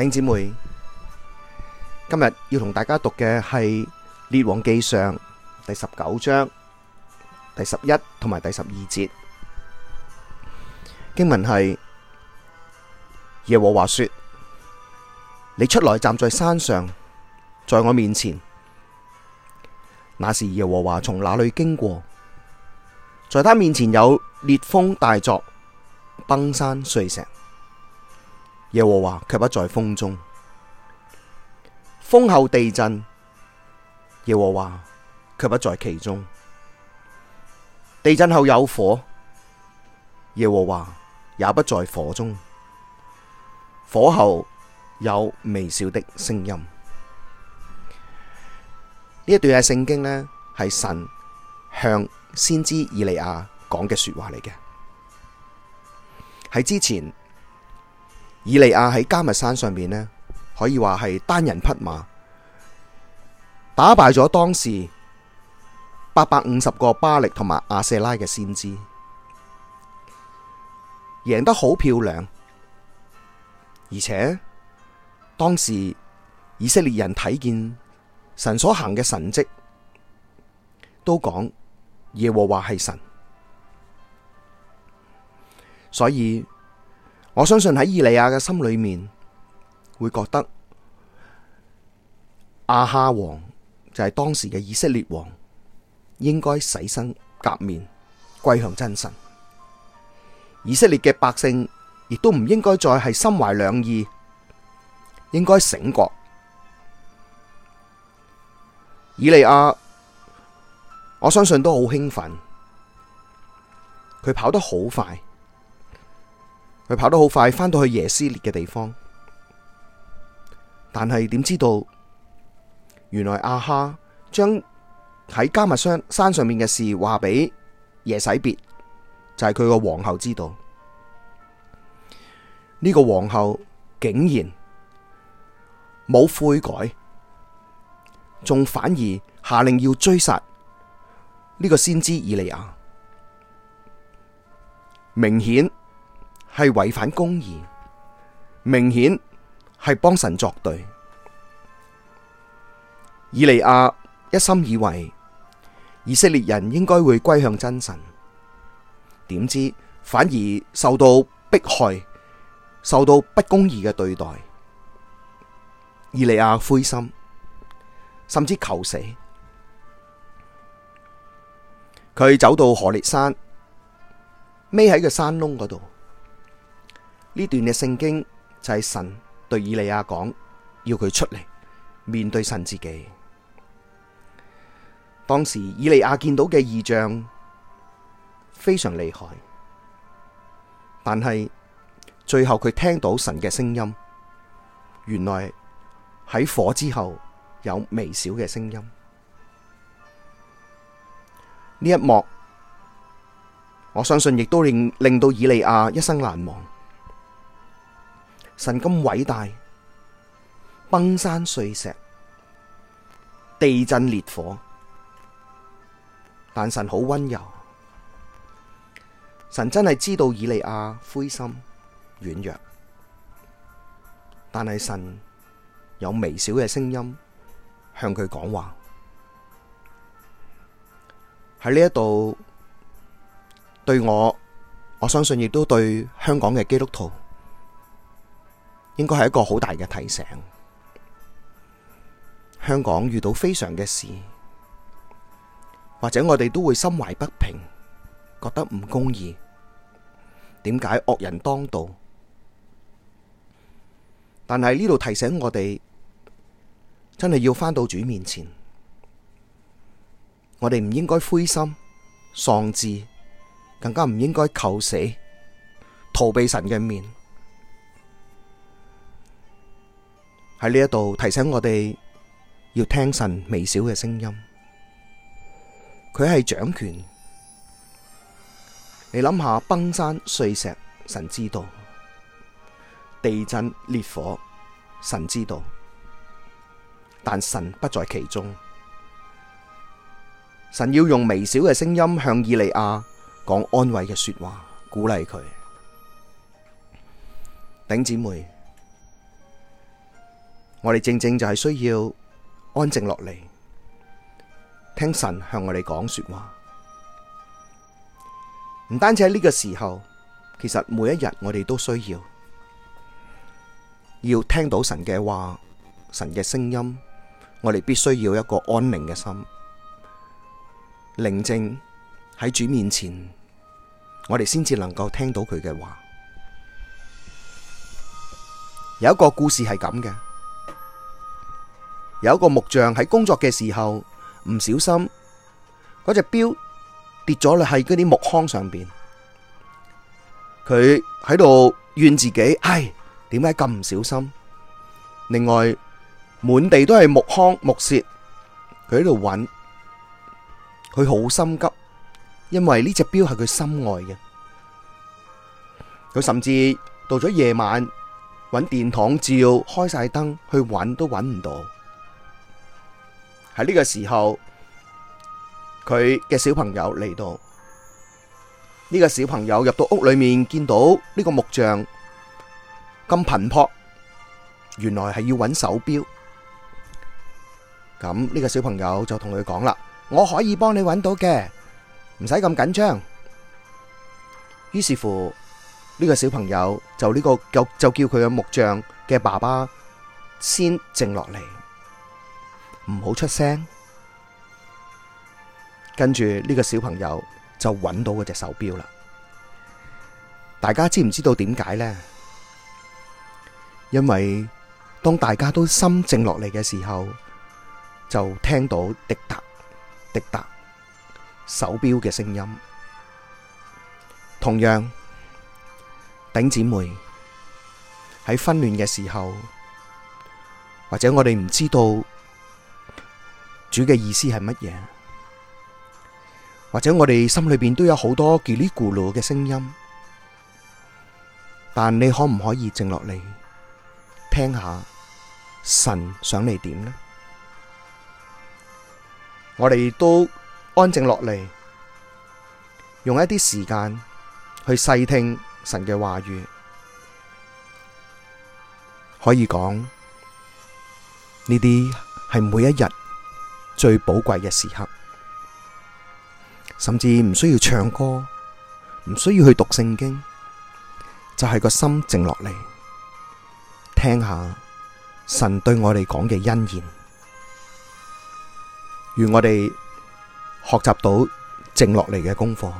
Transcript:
弟兄姊妹，今日要同大家讀嘅係《列王記上》第十九章第十一同埋第十二節。經文係：耶和華說，你出來站在山上，在我面前。那時耶和華從那裡經過，在他面前有烈風大作，崩山碎石。耶和華卻不在風中，風後地震，耶和華卻不在其中。地震後有火，耶和華也不在火中。火後有微小的聲音。呢一段嘅聖經呢係神向先知以利亞講嘅說話嚟嘅，喺之前。以利亞喺迦密山上邊呢，可以話係單人匹馬，打敗咗當時八百五十個巴力同埋亞舍拉嘅先知，贏得好漂亮，而且當時以色列人睇見神所行嘅神跡，都講耶和華係神，所以。我相信喺以利亞嘅心裏面會覺得亞哈王就係、是、當時嘅以色列王應該洗心革面歸向真神，以色列嘅百姓亦都唔應該再係心懷兩意，應該醒覺。以利亞我相信都好興奮，佢跑得好快。佢跑得好快，翻到去耶斯列嘅地方，但係點知道？原來阿哈將喺加密山山上面嘅事話俾耶洗別，就係佢個皇后知道。呢、這個皇后竟然冇悔改，仲反而下令要追殺呢個先知以利亞，明顯。係違反公義，明顯係幫神作對。以利亞一心以為以色列人應該會歸向真神，點知反而受到迫害，受到不公義嘅對待。以利亞灰心，甚至求死。佢走到何烈山，孭喺個山窿嗰度。呢段嘅聖經就係神對以利亞講，要佢出嚟面對神自己。當時以利亞見到嘅異象非常厲害，但係最後佢聽到神嘅聲音，原來喺火之後有微小嘅聲音。呢一幕，我相信亦都令令到以利亞一生難忘。神咁偉大，崩山碎石，地震烈火，但神好温柔，神真係知道以利亞灰心軟弱，但係神有微小嘅聲音向佢講話，喺呢一度，對我，我相信亦都對香港嘅基督徒。應該係一個好大嘅提醒，香港遇到非常嘅事，或者我哋都會心懷不平，覺得唔公義，點解惡人當道？但係呢度提醒我哋，真係要返到主面前，我哋唔應該灰心喪志，更加唔應該求死，逃避神嘅面。喺呢一度提醒我哋要聽神微小嘅聲音，佢係掌權。你諗下崩山碎石，神知道；地震烈火，神知道。但神不在其中。神要用微小嘅聲音向以利亞講安慰嘅說話，鼓勵佢。頂姐妹。我哋正正就係需要安靜落嚟，聽神向我哋講說話。唔單止喺呢個時候，其實每一日我哋都需要，要聽到神嘅話、神嘅聲音。我哋必須要一個安寧嘅心，寧靜喺主面前，我哋先至能夠聽到佢嘅話。有一個故事係咁嘅。有一個木匠喺工作嘅時候唔小心，嗰隻錶跌咗落喺嗰啲木糠上邊。佢喺度怨自己，唉，點解咁唔小心？另外，滿地都係木糠木屑，佢喺度揾，佢好心急，因為呢隻錶係佢心愛嘅。佢甚至到咗夜晚，揾電筒照，開晒燈去揾都揾唔到。喺呢個時候，佢嘅小朋友嚟到，呢個小朋友入到屋裏面，見到呢個木匠咁頻撲，原來係要揾手錶。咁呢個小朋友就同佢講啦：我可以幫你揾到嘅，唔使咁緊張。於是乎，呢個小朋友就呢個就就叫佢嘅木匠嘅爸爸先靜落嚟。唔好出聲，跟住呢個小朋友就揾到嗰隻手錶啦。大家知唔知道點解呢？因為當大家都心靜落嚟嘅時候，就聽到滴答滴答手錶嘅聲音。同樣，頂姊妹喺混亂嘅時候，或者我哋唔知道。主嘅意思係乜嘢？或者我哋心裏面都有好多嘰哩咕嚕嘅聲音，但你可唔可以靜落嚟，聽下神想你點呢？我哋都安靜落嚟，用一啲時間去細聽神嘅話語，可以講呢啲係每一日最寶貴嘅時刻，甚至唔需要唱歌，唔需要去讀聖經，就係個心靜落嚟，聽下神對我哋講嘅恩言，願我哋學習到靜落嚟嘅功課。